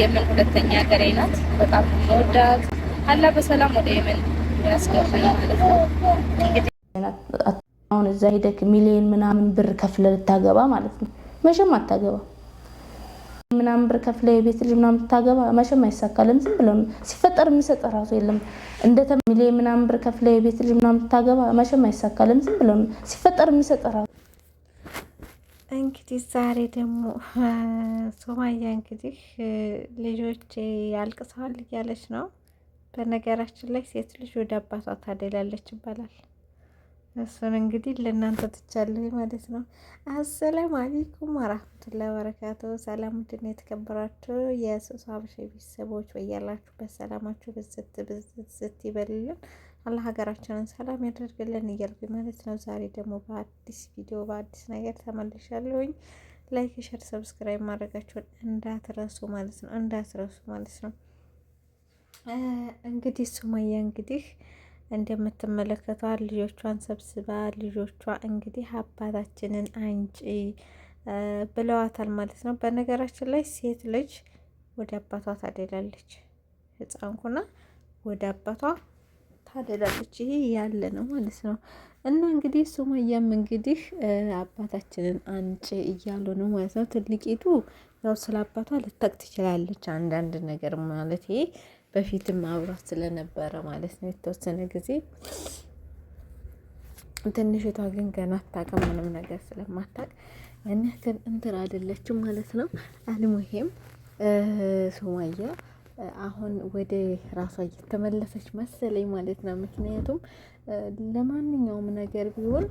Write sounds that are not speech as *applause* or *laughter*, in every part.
የመን ሁለተኛ ሀገሬ ናት። በጣም መወዳት አላ በሰላም ወደ የመን አሁን እዛ ሄደክ ሚሊዮን ምናምን ብር ከፍለ ልታገባ ማለት ነው። መቼም አታገባ ምናምን ብር ከፍለ የቤት ልጅ ምናምን ልታገባ መቼም አይሳካልም። ዝም ብለው ሲፈጠር የሚሰጥ ራሱ የለም። እንደ ሚሊዮን ምናምን ብር ከፍለ የቤት ልጅ ምናምን ልታገባ መቼም አይሳካልም። ዝም ብለው ሲፈጠር የሚሰጥ ራሱ እንግዲህ ዛሬ ደግሞ *laughs* ሶማያ እንግዲህ ልጆች ያልቅሰዋል እያለች ነው። በነገራችን ላይ ሴት ልጅ ወደ አባቷ ታደላለች ይባላል። እሱን እንግዲህ ለእናንተ ትቻለሁ ማለት ነው። አሰላሙ አለይኩም ወራህመቱላሂ ወበረካቱ። ሰላም ድን የተከበራችሁ የሱስ ሀበሻ ቤተሰቦች፣ ወያላችሁ ሰላማችሁ ብዝት ብዝት ይበልልን። አላህ ሀገራችንን ሰላም ያደርግልን እያልኩኝ ማለት ነው። ዛሬ ደግሞ በአዲስ ቪዲዮ በአዲስ ነገር ተመልሻለሁኝ። ላይክ፣ ሸር፣ ሰብስክራይብ ማድረጋችሁን እንዳትረሱ ማለት ነው እንዳትረሱ ማለት ነው። እንግዲህ ሱመያ እንግዲህ እንደምትመለከቷ ልጆቿን ሰብስባ ልጆቿ እንግዲህ አባታችንን አንጪ ብለዋታል ማለት ነው። በነገራችን ላይ ሴት ልጅ ወደ አባቷ ታደላለች። ህፃንኩና ወደ አባቷ ታደላለች። ይሄ ያለ ነው ማለት ነው። እና እንግዲህ ሱመያም እንግዲህ አባታችንን አንጭ እያሉ ነው ማለት ነው። ትልቂቱ ያው ስለ አባቷ ልታቅ ትችላለች አንዳንድ ነገር ማለት ይሄ በፊትም አብሯት ስለነበረ ማለት ነው የተወሰነ ጊዜ ትንሽቷ ግን ገና አታውቅም ምንም ነገር ስለማታውቅ ያን ያክል እንትን አይደለችም ማለት ነው። አልሙሄም ሱመያ አሁን ወደ ራሷ እየተመለሰች መሰለኝ ማለት ነው። ምክንያቱም ለማንኛውም ነገር ቢሆን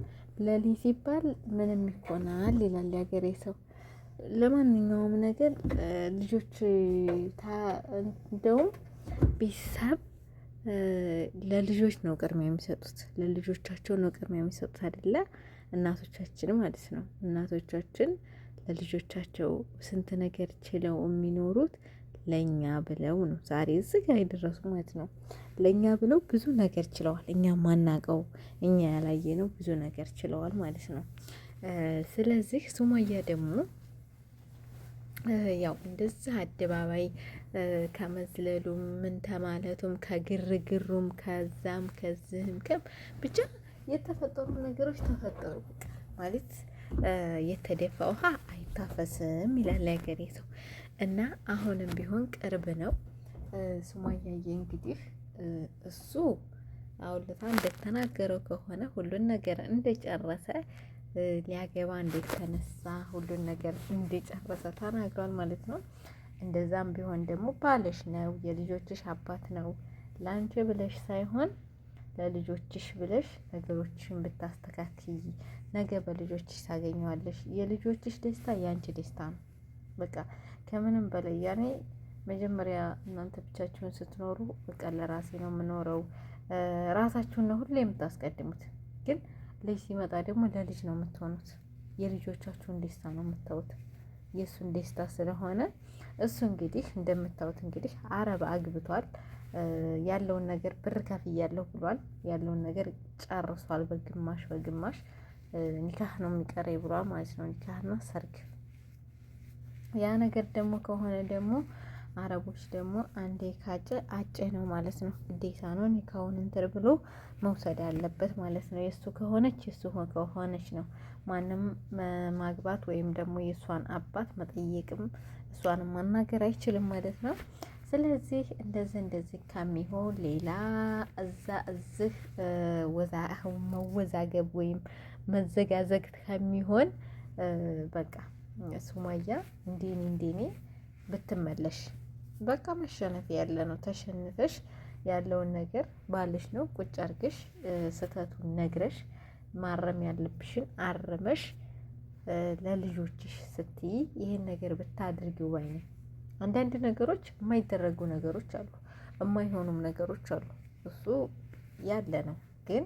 ለሊዝ ሲባል ምንም ይኮናል ይላል የሀገሬ ሰው። ለማንኛውም ነገር ልጆች እንደውም ቤተሰብ ለልጆች ነው ቅድሚያ የሚሰጡት፣ ለልጆቻቸው ነው ቅድሚያ የሚሰጡት አይደለ? እናቶቻችን ማለት ነው። እናቶቻችን ለልጆቻቸው ስንት ነገር ችለው የሚኖሩት ለእኛ ብለው ነው ዛሬ እዚህ ጋር የደረሱ ማለት ነው። ለእኛ ብለው ብዙ ነገር ችለዋል። እኛ ማናቀው እኛ ያላየነው ብዙ ነገር ችለዋል ማለት ነው። ስለዚህ ሱማያ ደግሞ ያው እንደዚህ አደባባይ ከመዝለሉም ምን ተማለቱም ከግርግሩም ከዛም ከዝህም ከም ብቻ የተፈጠሩ ነገሮች ተፈጠሩ ማለት የተደፋ ውሃ አይታፈስም ይላል ያገሬ ሰው። እና አሁንም ቢሆን ቅርብ ነው። ሱማያዬ እንግዲህ እሱ አውልታ እንደተናገረው ከሆነ ሁሉን ነገር እንደጨረሰ ሊያገባ እንደተነሳ ሁሉን ነገር እንደጨረሰ ተናግሯል ማለት ነው። እንደዛም ቢሆን ደግሞ ባልሽ ነው፣ የልጆችሽ አባት ነው። ለአንቺ ብለሽ ሳይሆን ለልጆችሽ ብለሽ ነገሮችን ብታስተካክይ ነገ በልጆችሽ ታገኘዋለሽ። የልጆችሽ ደስታ የአንቺ ደስታ ነው። በቃ ከምንም በላይ ያኔ መጀመሪያ እናንተ ብቻችሁን ስትኖሩ በቃ ለራሴ ነው የምኖረው፣ ራሳችሁን ነው ሁሌ የምታስቀድሙት። ግን ልጅ ሲመጣ ደግሞ ለልጅ ነው የምትሆኑት። የልጆቻችሁን ደስታ ነው የምታዩት፣ የእሱን ደስታ ስለሆነ እሱ እንግዲህ እንደምታዩት እንግዲህ አረብ አግብቷል። ያለውን ነገር ብር ከፍያለሁ ብሏል። ያለውን ነገር ጨርሷል፣ በግማሽ በግማሽ። ኒካህ ነው የሚቀረኝ ብሏል ማለት ነው። ኒካህና ሰርግ ያ ነገር ደግሞ ከሆነ ደግሞ አረቦች ደግሞ አንዴ ካጨ አጨ ነው ማለት ነው። ግዴታ ነው ኒካውን እንትር ብሎ መውሰድ አለበት ማለት ነው። የእሱ ከሆነች የእሱ ከሆነች ነው። ማንም ማግባት ወይም ደግሞ የእሷን አባት መጠየቅም እሷንም ማናገር አይችልም ማለት ነው። ስለዚህ እንደዚህ እንደዚህ ከሚሆን ሌላ እዛ እዚህ መወዛገብ ወይም መዘጋዘግ ከሚሆን በቃ ሱማያ እንዴኔ እንዴኔ ብትመለሽ በቃ መሸነፍ ያለ ነው። ተሸንፈሽ ያለውን ነገር ባልሽ ነው ቁጭ አርግሽ ስህተቱን ነግረሽ ማረም ያለብሽን አረመሽ ለልጆችሽ ስትይ ይህን ነገር ብታድርጊው ባይ አንዳንድ ነገሮች የማይደረጉ ነገሮች አሉ፣ የማይሆኑም ነገሮች አሉ። እሱ ያለ ነው። ግን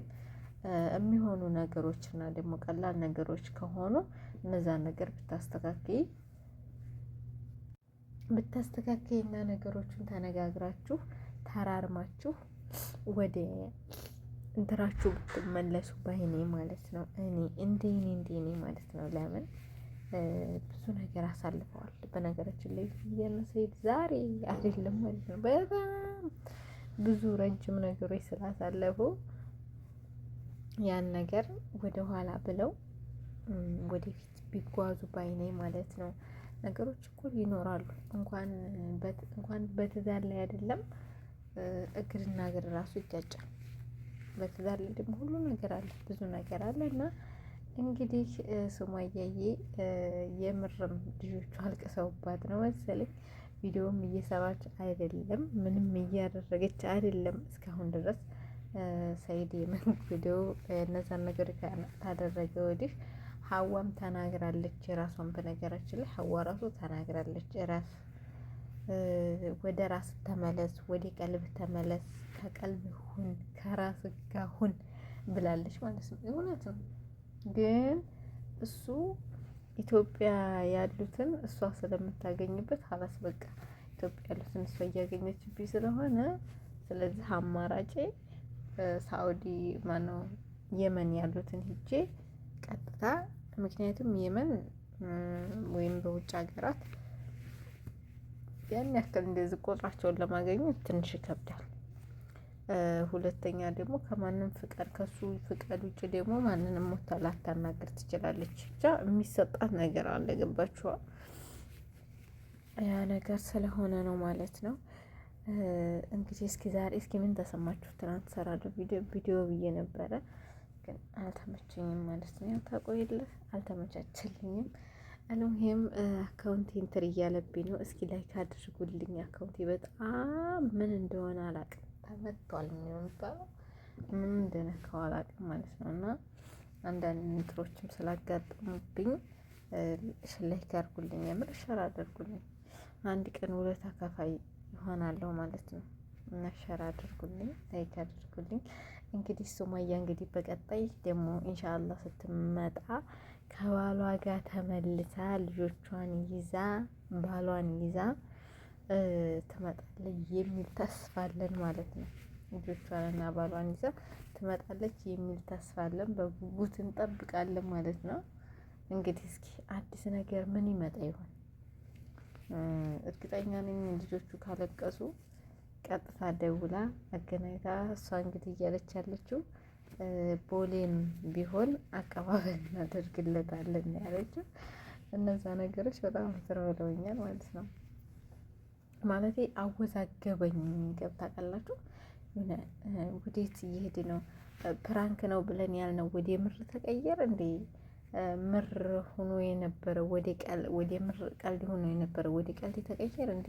የሚሆኑ ነገሮችና ደግሞ ቀላል ነገሮች ከሆኑ እነዛን ነገር ብታስተካከይ ብታስተካከይ እና ነገሮችን ተነጋግራችሁ ተራርማችሁ ወደ እንትራችሁ ብትመለሱ ባይኔ ማለት ነው። እኔ እንደኔ እንደኔ ማለት ነው። ለምን ብዙ ነገር አሳልፈዋል። በነገራችን ላይ የመሰይድ ዛሬ አይደለም ማለት ነው። በጣም ብዙ ረጅም ነገሮች ስላሳለፉ ያን ነገር ወደኋላ ብለው ወደፊት ቢጓዙ ባይነኝ ማለት ነው። ነገሮች እኩል ይኖራሉ። እንኳን በትዳር ላይ አይደለም እግርና እግር ራሱ ይጋጫል። በትዳር ላይ ደግሞ ሁሉ ነገር አለ፣ ብዙ ነገር አለ እና እንግዲህ ሱመያዬ የምርም ልጆቹ አልቅሰውባት ነው መሰለኝ። ቪዲዮም እየሰራች አይደለም፣ ምንም እያደረገች አይደለም እስካሁን ድረስ ሰይድ ቪዲዮ እነዛን ነገር ካደረገ ወዲህ ሀዋም ተናግራለች ራሷን። በነገራችን ላይ ሀዋ ራሱ ተናግራለች። ራስ ወደ ራስ ተመለስ፣ ወደ ቀልብ ተመለስ፣ ከቀልብ ሁን፣ ከራስ ጋር ሁን ብላለች ማለት ነው። እውነት ነው። ግን እሱ ኢትዮጵያ ያሉትን እሷ ስለምታገኝበት ሀላስ በቃ ኢትዮጵያ ያሉትን እሷ እያገኘችብኝ ስለሆነ ስለዚህ አማራጬ ሳውዲ ማነው የመን ያሉትን ሂጄ ቀጥታ ምክንያቱም የመን ወይም በውጭ ሀገራት ያን ያክል እንደዚህ ቁጥራቸውን ለማገኘት ትንሽ ይከብዳል። ሁለተኛ ደግሞ ከማንም ፍቃድ ከሱ ፍቃድ ውጭ ደግሞ ማንንም ሞታ ላታናግር ትችላለች። ብቻ የሚሰጣት ነገር አለ። ገባችኋ? ያ ነገር ስለሆነ ነው ማለት ነው። እንግዲህ እስኪ ዛሬ እስኪ ምን ተሰማችሁ? ትናንት ሰራለሁ ቪዲዮ ብዬ ነበረ። ግን አልተመቸኝም ማለት ነው። ያው ታቆይልህ አልተመቻቸልኝም። አለሙሄም አካውንቲ እንትር እያለብኝ ነው። እስኪ ላይክ አድርጉልኝ። አካውንቴ በጣም ምን እንደሆነ አላቅም ተመቷል የሚባለው ምን እንደነካው አላቅም ማለት ነው። እና አንዳንድ ንጥሮችም ስላጋጠሙብኝ ላይክ አድርጉልኝ፣ የምር ሸር አድርጉልኝ። አንድ ቀን ውለታ ከፋይ ይሆናለሁ ማለት ነው። እና ሸር አድርጉልኝ፣ ላይክ አድርጉልኝ። እንግዲህ ሱመያ እንግዲህ በቀጣይ ደግሞ ኢንሻአላህ ስትመጣ ከባሏ ጋር ተመልሳ ልጆቿን ይዛ ባሏን ይዛ ትመጣለች የሚል ተስፋ አለን ማለት ነው። ልጆቿንና ባሏን ይዛ ትመጣለች የሚል ተስፋ አለን። በጉጉት እንጠብቃለን ማለት ነው። እንግዲህ እስኪ አዲስ ነገር ምን ይመጣ ይሆን? እርግጠኛ ነኝ ልጆቹ ካለቀሱ ቀጥታ ደውላ አገናኝታ እሷ እንግዲህ እያለች ያለችው ቦሌም ቢሆን አቀባበል እናደርግለታለን ያለችው። እነዛ ነገሮች በጣም ስራ ብለውኛል ማለት ነው። ማለት አወዛገበኝ። ገብታ ቀላችሁ ውዴት እየሄድ ነው? ፕራንክ ነው ብለን ያልነው ወደ ምር ተቀየር እንዴ? ምር ሆኖ የነበረ ወደ ቀልድ ሆኖ የነበረ ወደ ቀልድ ተቀየር እንዴ?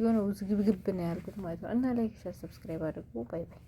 የሆነ ውዝግብግብ ነው ያልኩት ማለት ነው። እና ላይክ፣ ሸር፣ ሰብስክራይብ አድርጉ። ባይ ባይ።